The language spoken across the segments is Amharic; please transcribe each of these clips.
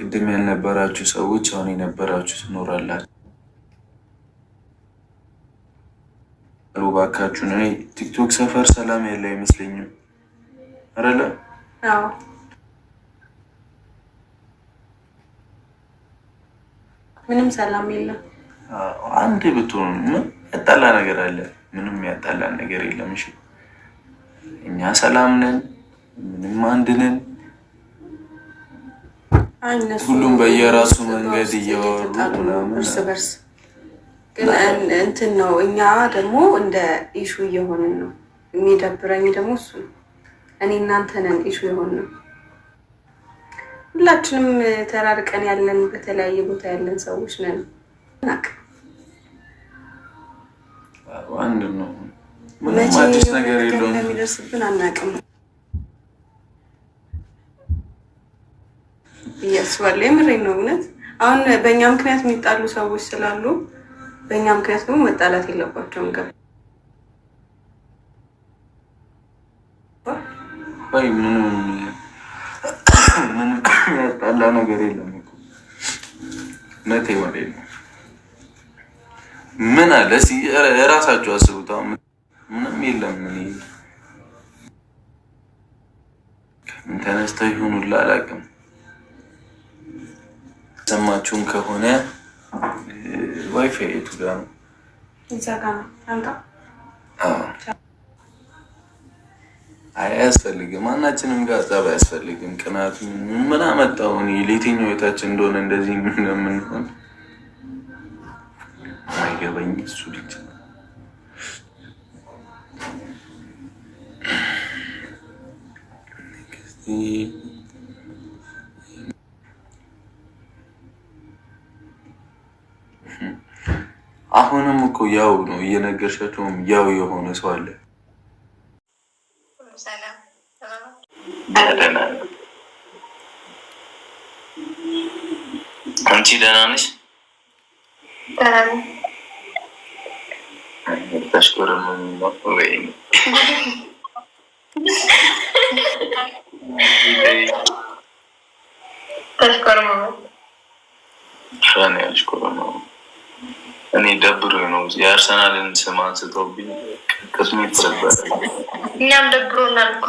ቅድም ያልነበራችሁ ሰዎች አሁን የነበራችሁ ትኖራላችሁ። እባካችሁን እኔ ቲክቶክ ሰፈር ሰላም ያለው አይመስለኝም። አረለ ምንም ሰላም የለም። አንድ ብትሆኑ ያጣላ ነገር አለ? ምንም ያጣላን ነገር የለም። እሺ እኛ ሰላም ነን፣ ምንም አንድ ነን። ሁሉም በየራሱ መንገድ እየወሩ እርስ በርስ ግን እንትን ነው። እኛ ደግሞ እንደ ኢሹ እየሆንን ነው። የሚደብረኝ ደግሞ እሱ ነው። እኔ እናንተ ነን ኢሹ የሆን ነው። ሁላችንም ተራርቀን ያለን በተለያየ ቦታ ያለን ሰዎች ነን። ናቅ አንድ ነው። ምንም አዲስ ነገር የለውም። እንደሚደርስብን አናውቅም። ብዬ አስባለሁ። የምሬን ነው እውነት። አሁን በእኛ ምክንያት የሚጣሉ ሰዎች ስላሉ በእኛ ምክንያት ደግሞ መጣላት የለባቸውም። ገ ወይ? ምንም ያጣላ ነገር የለም። እውነቴ ማለት ነው። ምን አለ እስኪ እራሳችሁ አስቡት። ምንም የለም። ምን ተነስተው ይሆኑላ አላውቅም እየሰማችሁን ከሆነ ዋይፋይ የቱ ጋር ነው? አያስፈልግም። ማናችንም ጋር ጸብ አያስፈልግም። ቅናቱ ምን አመጣው? እኔ ለየትኛው ቤታችን እንደሆነ እንደዚህ እንደምንሆን አይገባኝ። እሱ ልጅ ነው አሁንም እኮ ያው ነው እየነገርሻቸውም ያው የሆነ ሰው አለ። አንቺ ደህና ነሽ? ተሽኮርመ እኔ ደብሮ ነው የአርሰናልን ስም አንስተውብኝ ቅስሜ ተሰበረ። እኛም ደብሮ እናልኩ።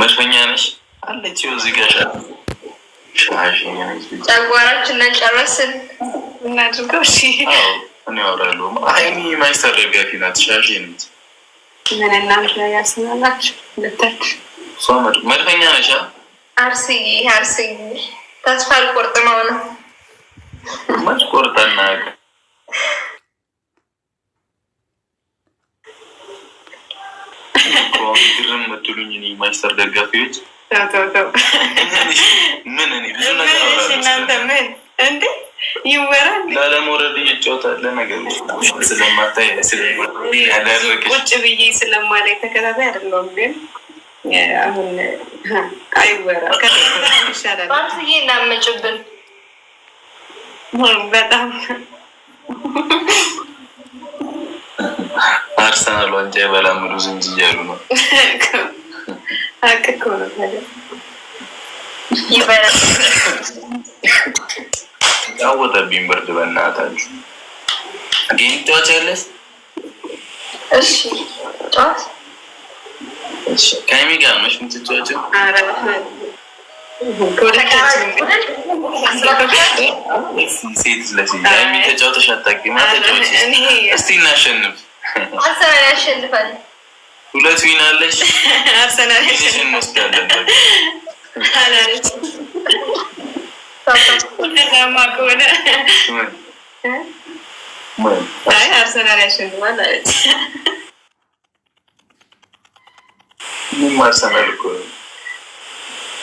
መሽፈኛ ነሽ አለች እዚህ ጋሻ ጨጓራችንን ጨረስን እናድርገው። እሺ እኔ አወራለሁ። አይኒ ማይስተር ደጋፊ ናት። ሻሽ ነት ምን እናምሽ ያስናላችሁ ልተች መድፈኛ ነሻ አርስዬ አርስዬ ተስፋ አልቆርጥመው ነው መች ቆርጠና ግርም ምትሉኝ እኔ ማይስተር ደጋፊዎች ምን እኔ ብዙ ነገር እናንተ ምን ይወራል ላለመውረድ ስለማታይ ቁጭ ብዬ ስለማላይ ተከታታይ አይደለሁም ግን አሁን አይወራ ይሻላል እናመጭብን በጣም አርሰናል ዋንጫ የበላምዱ ዝንጅ እያሉ ነው። ጫወተብኝ ብርድ በእናታችሁ ጌም እሺ ያለሽ ከሚ ጋር መሽ ምትጫወቸው ሴት ለሴት ተጫውተሽ አታውቂም። እስቲ እናሸንፍ። አርሰናል ያሸንፋል። ሁለት ዊን አለሽ። አርሰናል እንወስዳለን። እንደዛማ ከሆነ አርሰናል ያሸንፋል ማለት ምን አርሰናል እኮ ነው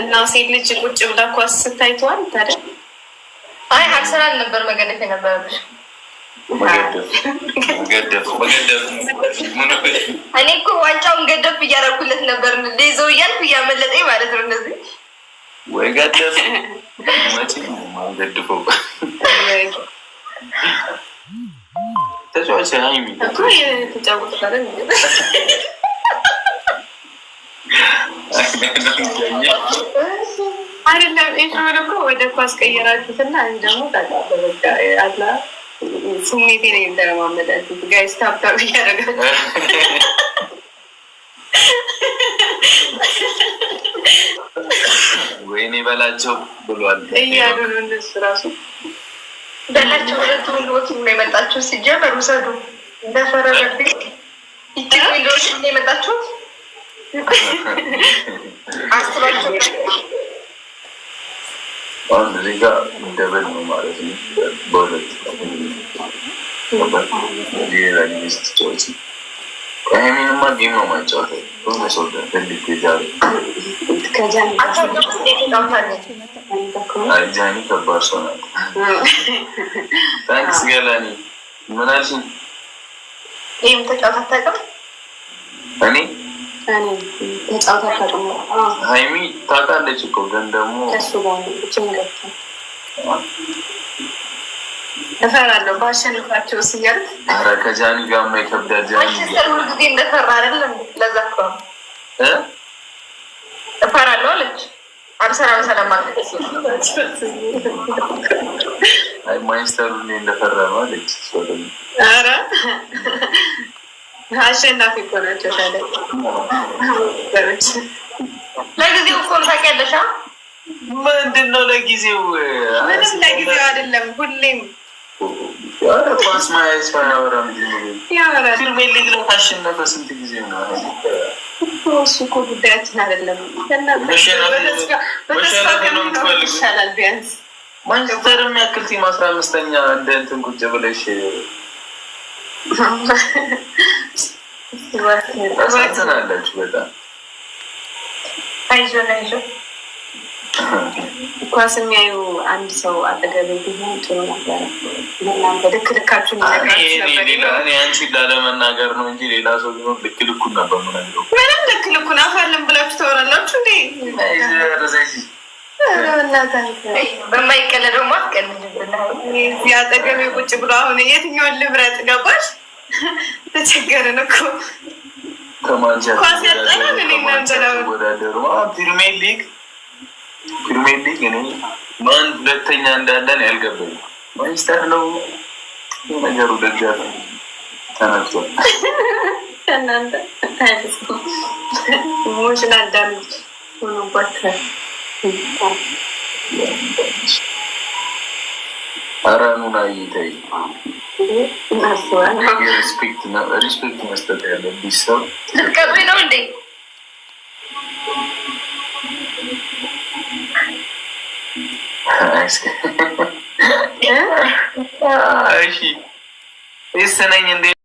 እና ሴት ልጅ ቁጭ ብላ ኳስ ስታይተዋል። ታደ አይ አርሰናል ነበር መገደፍ የነበረብሽ። እኔ እኮ ዋንጫውን ገደፍ እያደረኩለት ነበር፣ ሌዞ እያልኩ እያመለጠኝ ማለት ነው። እነዚህ ወይ ገደፍ ገድፈው ተጫዋች ተጫወት አይደለም ኢንትሮን እኮ ወደ ኳስ ቀየራችሁትና እኔ ደግሞ ስሜቴ ነው እያደረጋችሁ ወይኔ በላቸው ብሏል እያሉ ነው እነሱ ራሱ በላቸው። ሁለቱ ነው የመጣችሁት። ሲጀመር ውሰዱ እንደፈረረብኝ ነው የመጣችሁት አሁን ዜጋ እንደበል ደበል ነው ማለት ነው። በሁለት ሌላ ጊዜ ስትጫወት ይህንንማ ጌም ነው ማጫወት ጃኒ ከባድ ሰው ናት። ታንክስ ገላኒ ምን አልሽኝ? እኔ ሀይሚ ታውቃለች እኮ ግን ደግሞ እፈራለሁ ባሸንፋቸው ስያል ከጃኒ ጋርማ ይከብዳል። ጊዜ እንደፈራ አይደለም። ለዛ እኮ እፈራለሁ አለች። አብሰራ ሰላም ማይስተሩ እንደፈራ ነው አለች። አሸናፊ እኮ ናቸው። ለጊዜው እኮ ታውቂያለሽ። ምንድን ነው ለጊዜው? ምንም ለጊዜው አይደለም። ሁሌም ካሸነፈ ስንት ጊዜ እሱ እኮ ጉዳያችን አይደለም። በተስፋ ይሻላል ቢያንስ ማንቸስተር የሚያክል ቲም አስራ አምስተኛ እንደ እንትን ቁጭ ብለሽ ሳትናለች በጣም ኳስ የሚያዩ አንድ ሰው አጠገብ ቢሆን ጥሩ ነበረ። ልክ ልካችሁ ላለመናገር ነው እንጂ ሌላ ሰው ቢሆን ልክ ልኩን ነበር ምንም ልክ ልኩን አፋለን ብላችሁ ታወራላችሁ እንዴ? በማይቀለደው ያጠገቤ ቁጭ ብሎ አሁን የትኛውን ልብረት ገባሽ? ተቸገረን እኮ ኳስ ያጠናን እኔ ናንበላው ፕሪሚየር ሊግ ፕሪሚየር ሊግ እኔ ማን ሁለተኛ እንዳለን ያልገባኝ ማንስተር ነው ነገሩ። ደጃ ተነስቷል። ከእናንተ ሞሽን አዳምጭ ሆኖባታል። ሪስፔክት መስጠት ያለ ሰው ልትቀብሪ ነው እንዴ? እሺ ይስነኝ እንዴ?